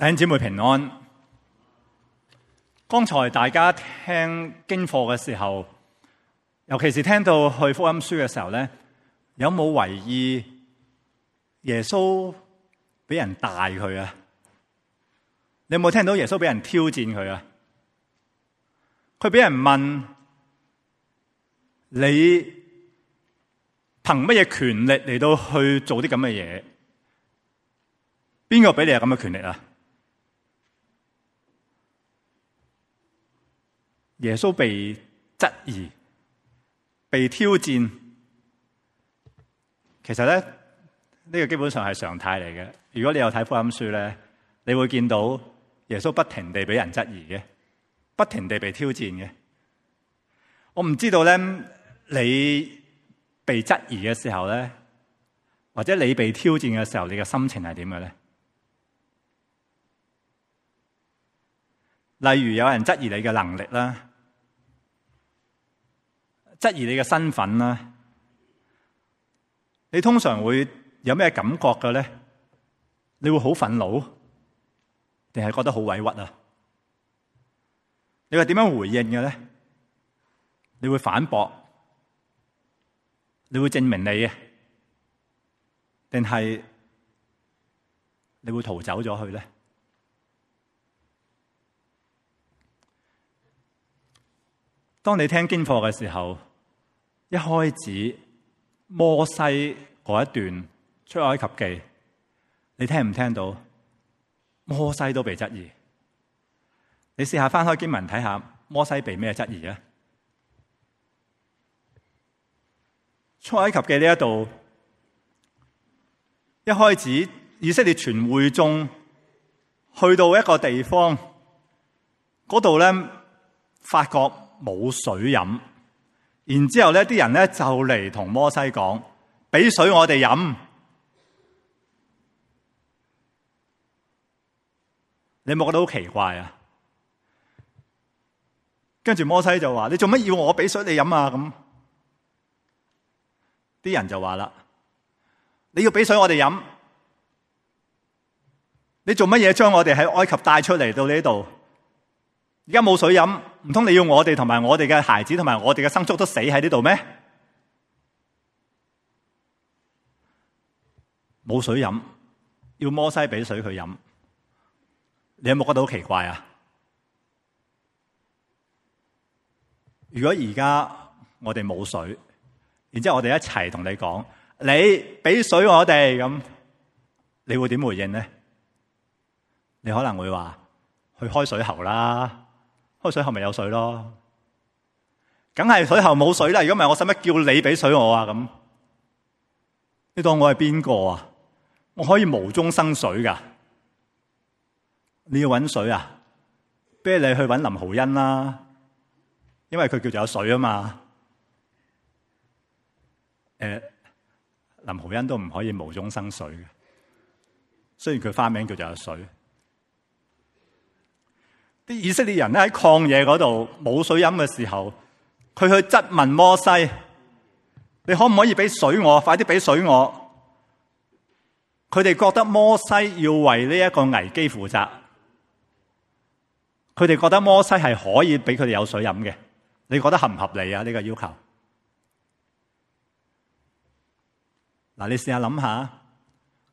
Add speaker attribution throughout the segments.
Speaker 1: 弟兄姐妹平安。剛才大家聽經課嘅時候，尤其是聽到去福音書嘅時候咧，有冇回意耶穌俾人帶佢啊？你有冇聽到耶穌俾人挑戰佢啊？佢俾人問你憑乜嘢權力嚟到去做啲咁嘅嘢？邊個俾你有咁嘅權力啊？耶穌被質疑、被挑戰，其實咧呢個基本上係常態嚟嘅。如果你有睇福音書咧，你會見到耶穌不停地俾人質疑嘅，不停地被挑戰嘅。我唔知道咧，你被質疑嘅時候咧，或者你被挑戰嘅時候，你嘅心情係點嘅咧？例如有人質疑你嘅能力啦。質疑你嘅身份啦，你通常會有咩感覺嘅咧？你會好憤怒，定係覺得好委屈啊？你會點樣回應嘅咧？你會反駁，你會證明你啊，定係你會逃走咗去咧？當你聽經課嘅時候。一開始摩西嗰一段出埃及記，你聽唔聽到？摩西都被質疑。你試下翻開經文睇下，摩西被咩質疑啊？出埃及記呢一度一開始以色列全會眾，去到一個地方，嗰度呢，發覺冇水飲然之後咧，啲人咧就嚟同摩西講，俾水我哋飲，你冇覺得好奇怪啊？跟住摩西就話，你做乜要我俾水你飲啊？咁啲人就話啦，你要俾水我哋飲，你做乜嘢將我哋喺埃及帶出嚟到呢度？而家冇水飲，唔通你要我哋同埋我哋嘅孩子同埋我哋嘅牲畜都死喺呢度咩？冇水飲，要摩西俾水佢飲。你有冇覺得好奇怪啊？如果而家我哋冇水，然之後我哋一齊同你講，你俾水我哋咁，你會點回應呢？你可能會話去開水喉啦。開水喉咪有水咯，梗係水喉冇水啦！如果唔係，我使乜叫你俾水我啊？咁你當我係邊個啊？我可以無中生水噶？你要搵水啊？不如你去搵林豪恩啦，因為佢叫做有水啊嘛。誒、呃，林豪恩都唔可以無中生水嘅，雖然佢花名叫做有水。啲以色列人咧，喺曠野嗰度冇水飲嘅時候，佢去質問摩西：你可唔可以俾水我？快啲俾水我！佢哋覺得摩西要為呢一個危機負責，佢哋覺得摩西係可以俾佢哋有水飲嘅。你覺得合唔合理啊？呢個要求？嗱，你試下諗下，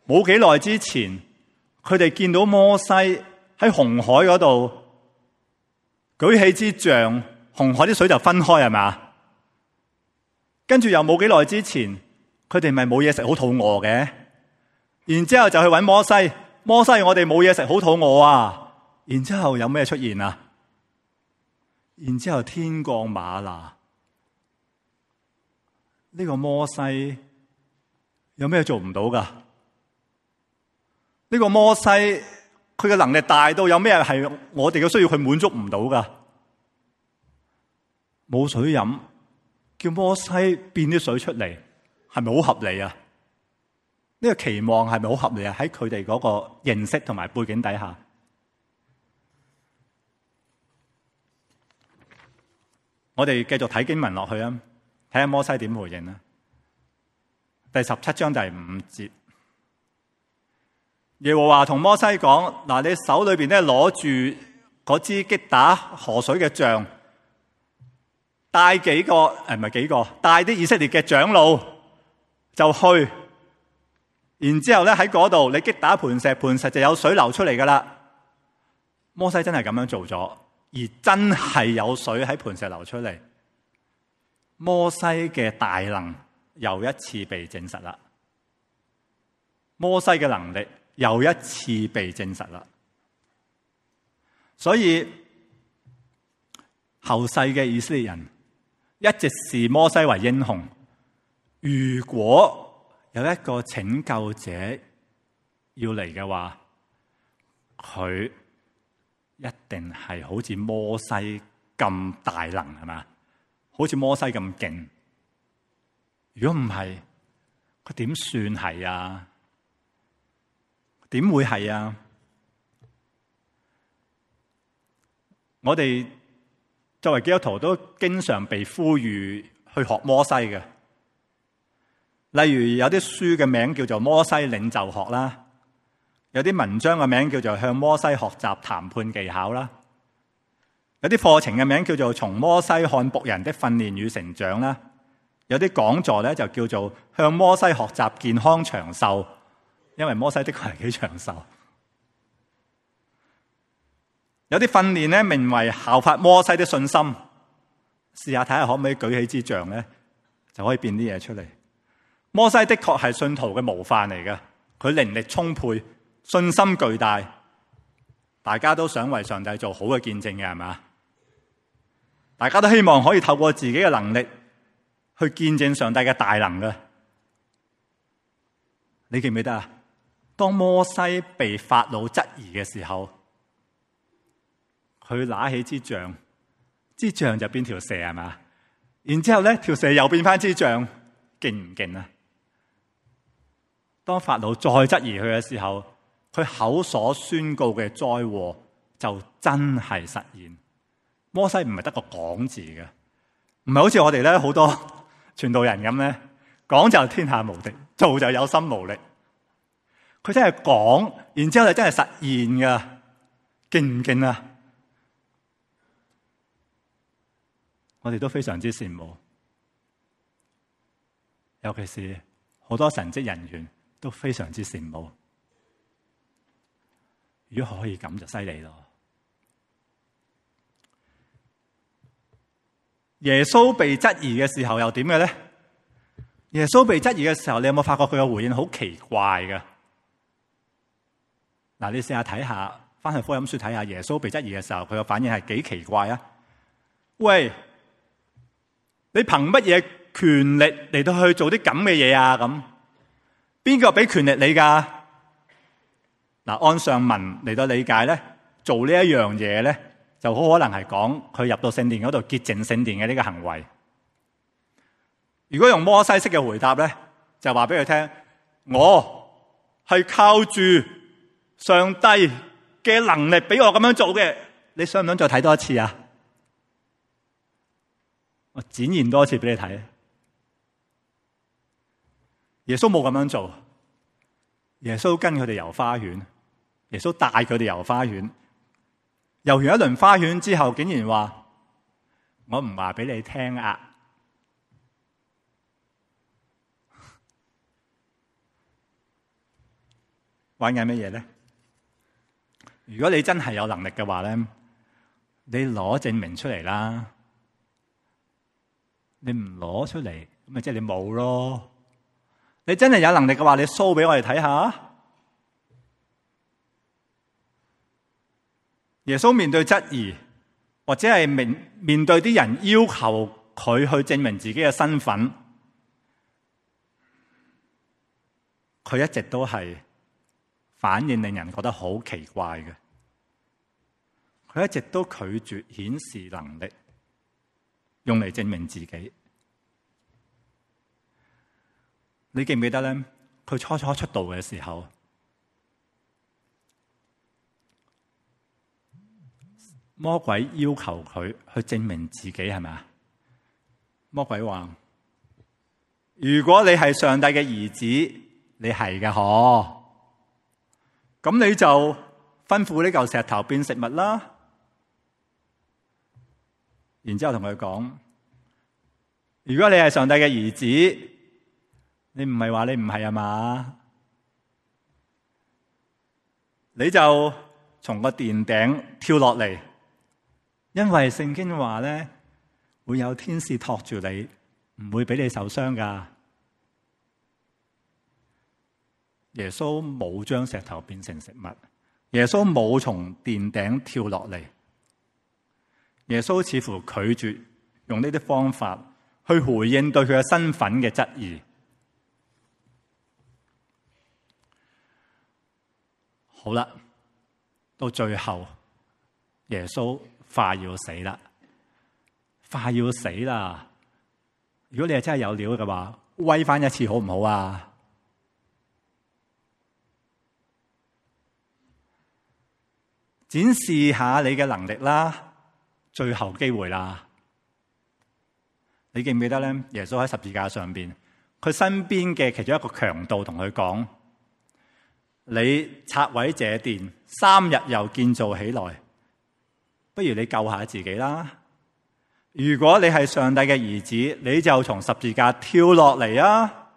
Speaker 1: 冇幾耐之前，佢哋見到摩西喺紅海嗰度。舉起支杖，紅海啲水就分開係嘛？跟住又冇幾耐之前，佢哋咪冇嘢食，好肚餓嘅。然之後就去搵摩西，摩西我哋冇嘢食，好肚餓啊！然之後有咩出現啊？然之後天降嗎哪，呢個摩西有咩做唔到噶？呢個摩西。有佢嘅能力大到有咩係我哋嘅需要，佢滿足唔到噶？冇水飲，叫摩西變啲水出嚟，係咪好合理啊？呢個期望係咪好合理啊？喺佢哋嗰個認識同埋背景底下，我哋繼續睇經文落去啊，睇下摩西點回應啊？第十七章第五節。耶和華同摩西講：嗱，你手裏邊咧攞住嗰支擊打河水嘅杖，帶幾個誒唔係幾個，帶啲以色列嘅長老就去。然之後咧喺嗰度，你擊打磐石，磐石就有水流出嚟噶啦。摩西真係咁樣做咗，而真係有水喺磐石流出嚟。摩西嘅大能又一次被證實啦。摩西嘅能力。又一次被證實啦，所以後世嘅以色列人一直視摩西為英雄。如果有一個拯救者要嚟嘅話，佢一定係好似摩西咁大能係嘛？好似摩西咁勁。如果唔係，佢點算係啊？點會係啊？我哋作為基督徒都經常被呼籲去學摩西嘅，例如有啲書嘅名叫做《摩西領袖學》啦，有啲文章嘅名叫做《向摩西學習談判技巧》啦，有啲課程嘅名叫做《從摩西看僕人的訓練與成長》啦，有啲講座咧就叫做《向摩西學習健康長壽》。因為摩西的確係幾長壽，有啲訓練咧名為效法摩西的信心，試下睇下可唔可以舉起支杖咧，就可以變啲嘢出嚟。摩西的確係信徒嘅模範嚟嘅，佢靈力充沛，信心巨大，大家都想為上帝做好嘅見證嘅，係嘛？大家都希望可以透過自己嘅能力去見證上帝嘅大能嘅，你記唔記得啊？當摩西被法老質疑嘅時候，佢拿起支杖，支杖就變條蛇係嘛？然之後咧，條蛇又變翻支杖，勁唔勁啊？當法老再質疑佢嘅時候，佢口所宣告嘅災禍就真係實現。摩西唔係得個講字嘅，唔係好似我哋咧好多傳道人咁咧，講就天下無敵，做就有心無力。佢真係講，然之後就真係實現噶，勁唔勁啊？我哋都非常之羨慕，尤其是好多神職人員都非常之羨慕。如果可以咁就犀利咯！耶穌被質疑嘅時候又點嘅咧？耶穌被質疑嘅時候，你有冇發覺佢嘅回應好奇怪㗎？嗱，你試下睇下，翻去福音書睇下，耶穌被質疑嘅時候，佢嘅反應係幾奇怪啊！喂，你憑乜嘢權力嚟到去做啲咁嘅嘢啊？咁邊個俾權力你噶？嗱，按上文嚟到理解咧，做呢一樣嘢咧，就好可能係講佢入到聖殿嗰度潔淨聖殿嘅呢個行為。如果用摩西式嘅回答咧，就話俾佢聽，我係靠住上帝嘅能力俾我咁樣做嘅，你想唔想再睇多一次啊？我展現多一次俾你睇。耶穌冇咁樣做，耶穌跟佢哋遊花園，耶穌帶佢哋遊花園。遊完一輪花園之後，竟然話：我唔話俾你聽啊！玩緊乜嘢咧？如果你真係有能力嘅話咧，你攞證明出嚟啦。你唔攞出嚟，咪即係你冇咯。你真係有能力嘅話，你 show 俾我哋睇下。耶穌面對質疑，或者係面面對啲人要求佢去證明自己嘅身份，佢一直都係。反應令人覺得好奇怪嘅，佢一直都拒絕顯示能力，用嚟證明自己。你記唔記得咧？佢初初出道嘅時候，魔鬼要求佢去證明自己係咪啊？魔鬼話：如果你係上帝嘅兒子，你係嘅嗬。咁你就吩咐呢嚿石頭變食物啦，然之後同佢講：如果你係上帝嘅兒子，你唔係話你唔係啊嘛？你就從個殿頂跳落嚟，因為聖經話咧，會有天使托住你，唔會俾你受傷噶。耶穌冇將石頭變成食物，耶穌冇從殿頂跳落嚟，耶穌似乎拒絕用呢啲方法去回應對佢嘅身份嘅質疑。好啦，到最後耶穌快要死啦，快要死啦！如果你係真係有料嘅話，威翻一次好唔好啊？展示下你嘅能力啦，最後機會啦。你記唔記得咧？耶穌喺十字架上邊，佢身邊嘅其中一個強盜同佢講：你拆毀這殿，三日又建造起來，不如你救下自己啦。如果你係上帝嘅兒子，你就從十字架跳落嚟啊！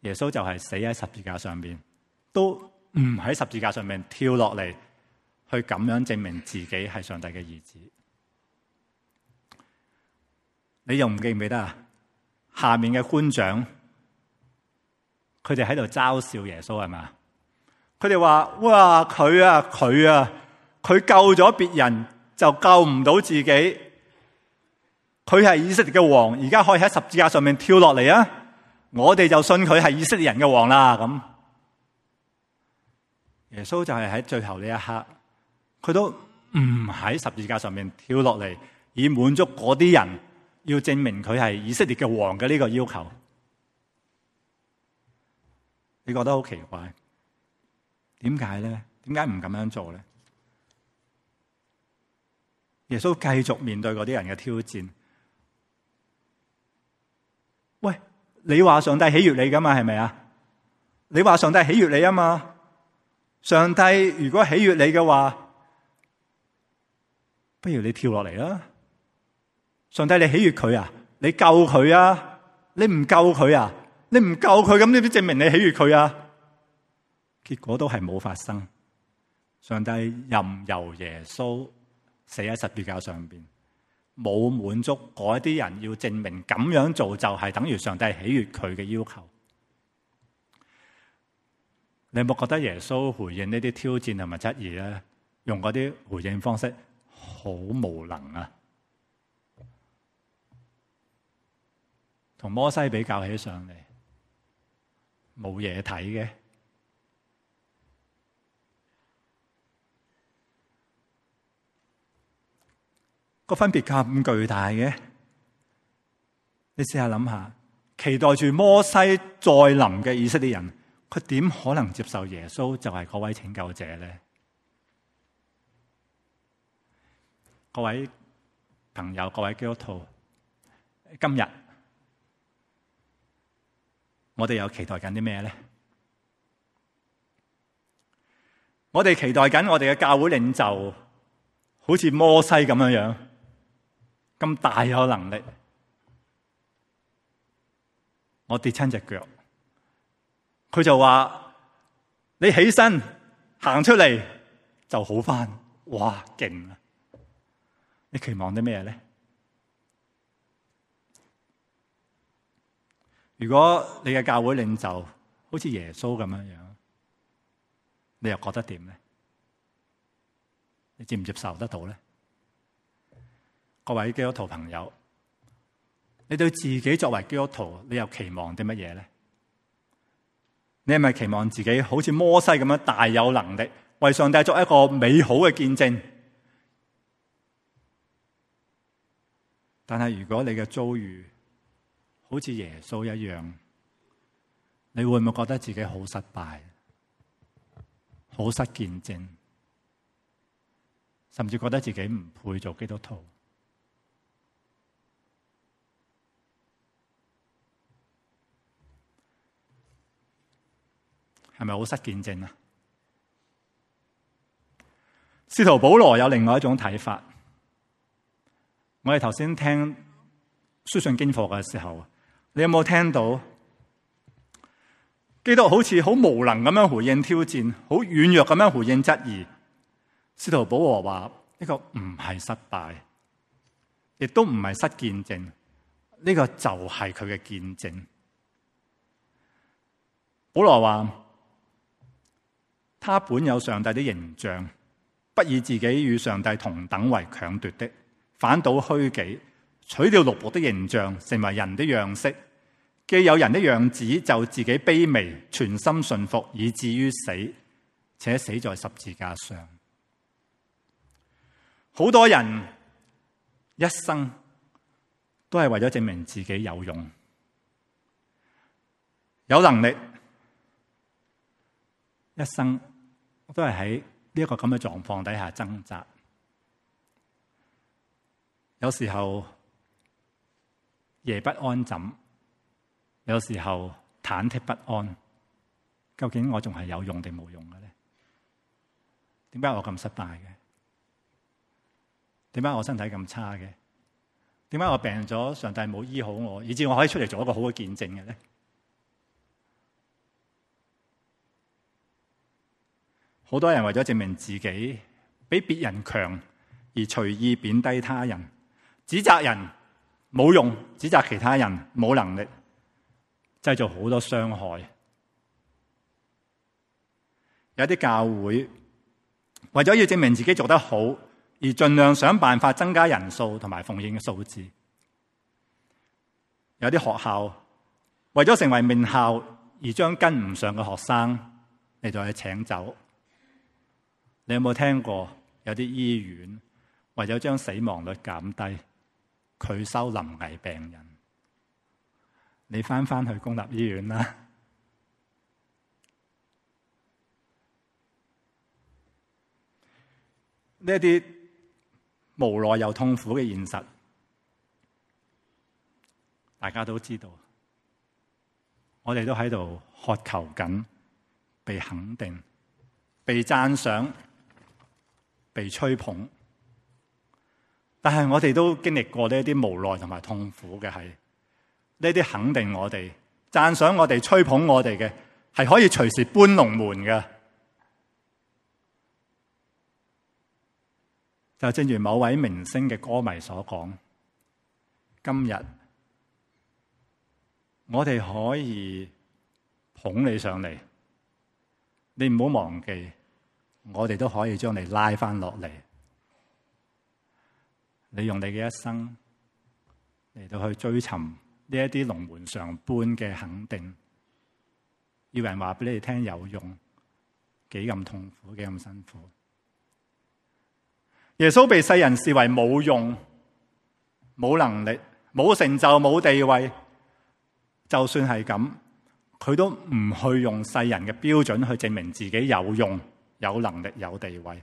Speaker 1: 耶穌就係死喺十字架上邊，都。唔喺十字架上面跳落嚟，去咁樣證明自己係上帝嘅兒子。你又唔記唔記得啊？下面嘅官長，佢哋喺度嘲笑耶穌係嘛？佢哋話：哇，佢啊，佢啊，佢救咗別人就救唔到自己。佢係以色列嘅王，而家可以喺十字架上面跳落嚟啊！我哋就信佢係以色列人嘅王啦咁。耶穌就係喺最後呢一刻，佢都唔喺十字架上面跳落嚟，以滿足嗰啲人要證明佢係以色列嘅王嘅呢個要求。你覺得好奇怪？點解咧？點解唔咁樣做咧？耶穌繼續面對嗰啲人嘅挑戰。喂，你話上帝喜悅你噶嘛？係咪啊？你話上帝喜悅你啊嘛？上帝如果喜悅你嘅話，不如你跳落嚟啦！上帝你喜悅佢啊？你救佢啊？你唔救佢啊？你唔救佢咁，你都證明你喜悅佢啊？結果都係冇發生。上帝任由耶穌死喺十字架上邊，冇滿足嗰一啲人要證明咁樣做就係等於上帝喜悅佢嘅要求。你有冇覺得耶穌回應呢啲挑戰同埋質疑咧，用嗰啲回應方式好無能啊？同摩西比較起上嚟，冇嘢睇嘅，個分別咁巨大嘅。你試下諗下，期待住摩西再臨嘅以色列人。佢點可能接受耶穌就係嗰位拯救者咧？各位朋友，各位基督徒，今日我哋又期待緊啲咩咧？我哋期待緊我哋嘅教會領袖，好似摩西咁樣樣，咁大有能力，我跌親隻腳。佢就話：你起身行出嚟就好返，哇勁啊！你期望啲咩咧？如果你嘅教會領袖好似耶穌咁樣樣，你又覺得點咧？你接唔接受得到咧？各位基督徒朋友，你對自己作為基督徒，你又期望啲乜嘢咧？你係咪期望自己好似摩西咁樣大有能力為上帝作一個美好嘅見證？但係如果你嘅遭遇好似耶穌一樣，你會唔會覺得自己好失敗、好失見證，甚至覺得自己唔配做基督徒？係咪好失見證啊？司徒保羅有另外一種睇法。我哋頭先聽書信經課嘅時候，你有冇聽到？基督好似好無能咁樣回應挑戰，好軟弱咁樣回應質疑。司徒保羅話：呢個唔係失敗，亦都唔係失見證。呢個就係佢嘅見證。保羅話。他本有上帝的形象，不以自己與上帝同等為強奪的，反倒虛己，取了奴僕的形象，成為人的樣式。既有人的樣子，就自己卑微，全心順服，以至於死，且死在十字架上。好多人一生都係為咗證明自己有用、有能力，一生。我都係喺呢一個咁嘅狀況底下掙扎，有時候夜不安枕，有時候忐忑不安。究竟我仲係有用定冇用嘅咧？點解我咁失敗嘅？點解我身體咁差嘅？點解我病咗，上帝冇醫好我，以至我可以出嚟做一個好嘅見證嘅咧？好多人為咗證明自己比別人強而隨意貶低他人，指責人冇用，指責其他人冇能力，製造好多傷害。有啲教會為咗要證明自己做得好，而盡量想辦法增加人數同埋奉獻嘅數字。有啲學校為咗成為名校，而將跟唔上嘅學生嚟就去請走。你有冇聽過有啲醫院為咗將死亡率減低，拒收臨危病人？你返返去公立醫院啦！呢啲無奈又痛苦嘅現實，大家都知道。我哋都喺度渴求緊被肯定、被讚賞。被吹捧，但係我哋都經歷過呢一啲無奈同埋痛苦嘅係，呢啲肯定我哋讚賞我哋吹捧我哋嘅，係可以隨時搬龍門嘅。就正如某位明星嘅歌迷所講，今日我哋可以捧你上嚟，你唔好忘記。我哋都可以將你拉翻落嚟。你用你嘅一生嚟到去追尋呢一啲龍門上般嘅肯定，要人話俾你聽有用，幾咁痛苦，幾咁辛苦。耶穌被世人視為冇用、冇能力、冇成就、冇地位。就算係咁，佢都唔去用世人嘅標準去證明自己有用。有能力有地位，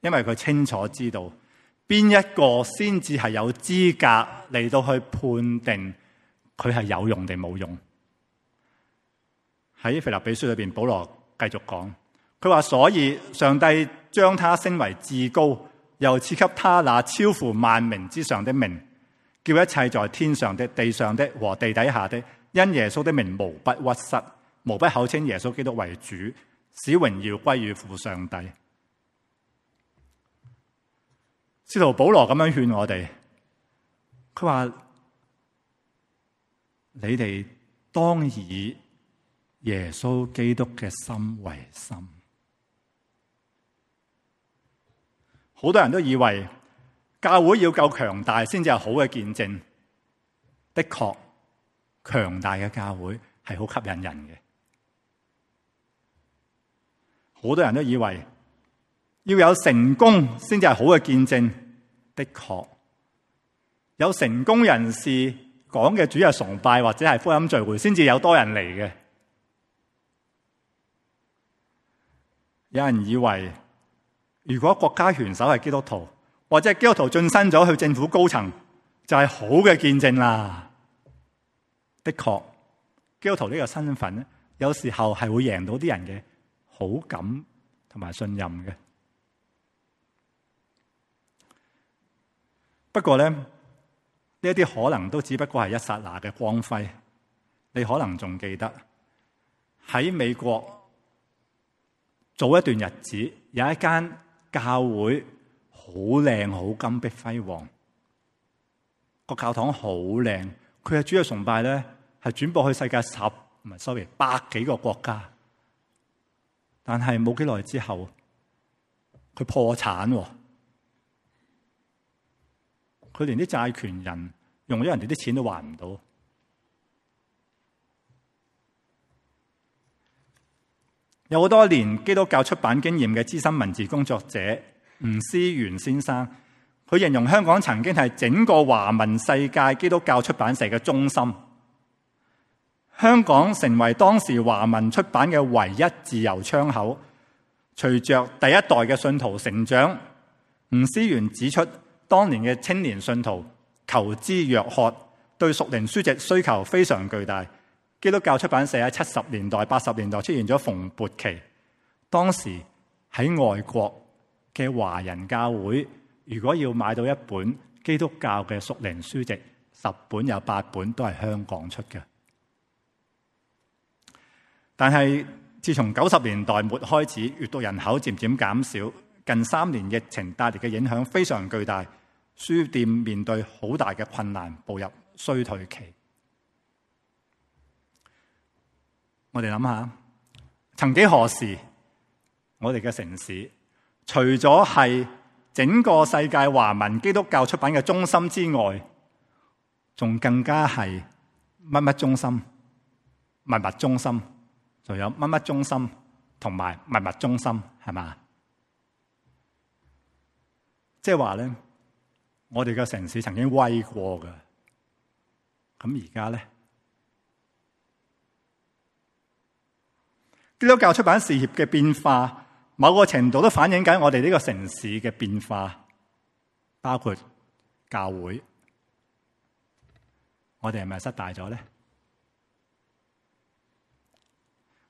Speaker 1: 因為佢清楚知道邊一個先至係有資格嚟到去判定佢係有用定冇用。喺腓立比書裏邊，保羅繼續講，佢話：所以上帝將他升為至高，又賜給他那超乎萬名之上的名，叫一切在天上的、地上的和地底下的，因耶穌的名，無不屈膝，無不口稱耶穌基督為主。使榮耀歸於父上帝。使徒保羅咁樣勸我哋，佢話：你哋當以耶穌基督嘅心為心。好多人都以為教會要夠強大先至係好嘅見證。的確，強大嘅教會係好吸引人嘅。好多人都以為要有成功先至係好嘅見證，的確有成功人士講嘅主日崇拜或者係福音聚會先至有多人嚟嘅。有人以為如果國家元首係基督徒，或者係基督徒晉身咗去政府高層，就係、是、好嘅見證啦。的確，基督徒呢個身份咧，有時候係會贏到啲人嘅。好感同埋信任嘅。不過咧，呢一啲可能都只不過係一剎那嘅光輝。你可能仲記得喺美國早一段日子，有一間教會好靚，好金碧輝煌，個教堂好靚。佢嘅主要崇拜咧，係轉播去世界十唔係 sorry 百幾個國家。但係冇幾耐之後，佢破產，佢連啲債權人用咗人哋啲錢都還唔到。有好多年基督教出版經驗嘅資深文字工作者吳思源先生，佢形容香港曾經係整個華文世界基督教出版社嘅中心。香港成為當時華文出版嘅唯一自由窗口。隨着第一代嘅信徒成長，吳思源指出，當年嘅青年信徒求知若渴，對屬靈書籍需求非常巨大。基督教出版社喺七十年代、八十年代出現咗蓬勃期。當時喺外國嘅華人教會，如果要買到一本基督教嘅屬靈書籍，十本有八本都係香港出嘅。但係，自從九十年代末開始，閲讀人口漸漸減少。近三年疫情帶嚟嘅影響非常巨大，書店面對好大嘅困難，步入衰退期。我哋諗下，曾幾何時，我哋嘅城市除咗係整個世界華文基督教出版嘅中心之外，仲更加係乜乜中心、物物中心。仲有乜乜中心同埋密密中心係嘛？即係話咧，我哋嘅城市曾經威過噶，咁而家咧，基督教出版事業嘅變化，某個程度都反映緊我哋呢個城市嘅變化，包括教會，我哋係咪失敗咗咧？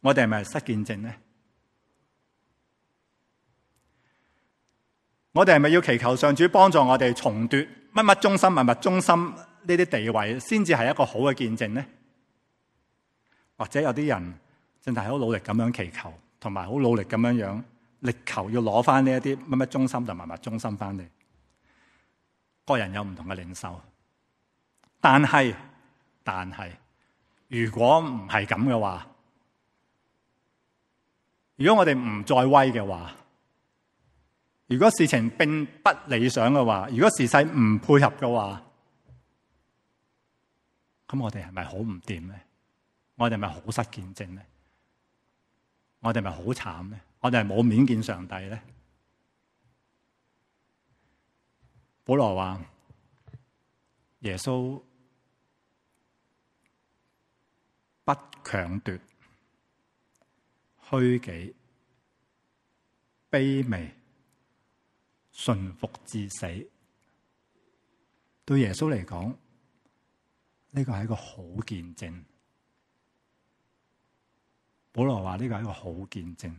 Speaker 1: 我哋係咪失見證呢？我哋係咪要祈求上主幫助我哋重奪乜乜中心、乜乜中心呢啲地位，先至係一個好嘅見證呢？或者有啲人正係好努力咁樣祈求，同埋好努力咁樣樣力求要攞翻呢一啲乜乜中心同乜乜中心翻嚟？個人有唔同嘅領受，但係但係，如果唔係咁嘅話。如果我哋唔再威嘅話，如果事情並不理想嘅話，如果時勢唔配合嘅話，咁我哋係咪好唔掂呢？我哋咪好失見證呢？我哋咪好慘呢？我哋係冇面見上帝呢？保羅話耶穌不強奪。虛己、卑微、順服至死，對耶穌嚟講，呢個係一個好見證。保羅話：呢個係一個好見證。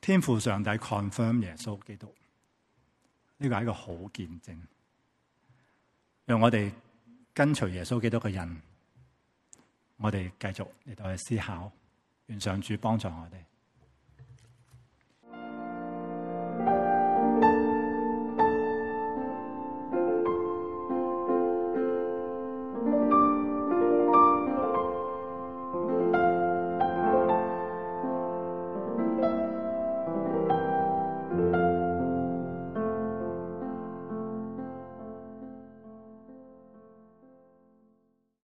Speaker 1: 天父上帝 confirm 耶穌基督，呢個係一個好見證。讓我哋跟隨耶穌基督嘅人，我哋繼續嚟到去思考。願上主幫助我哋。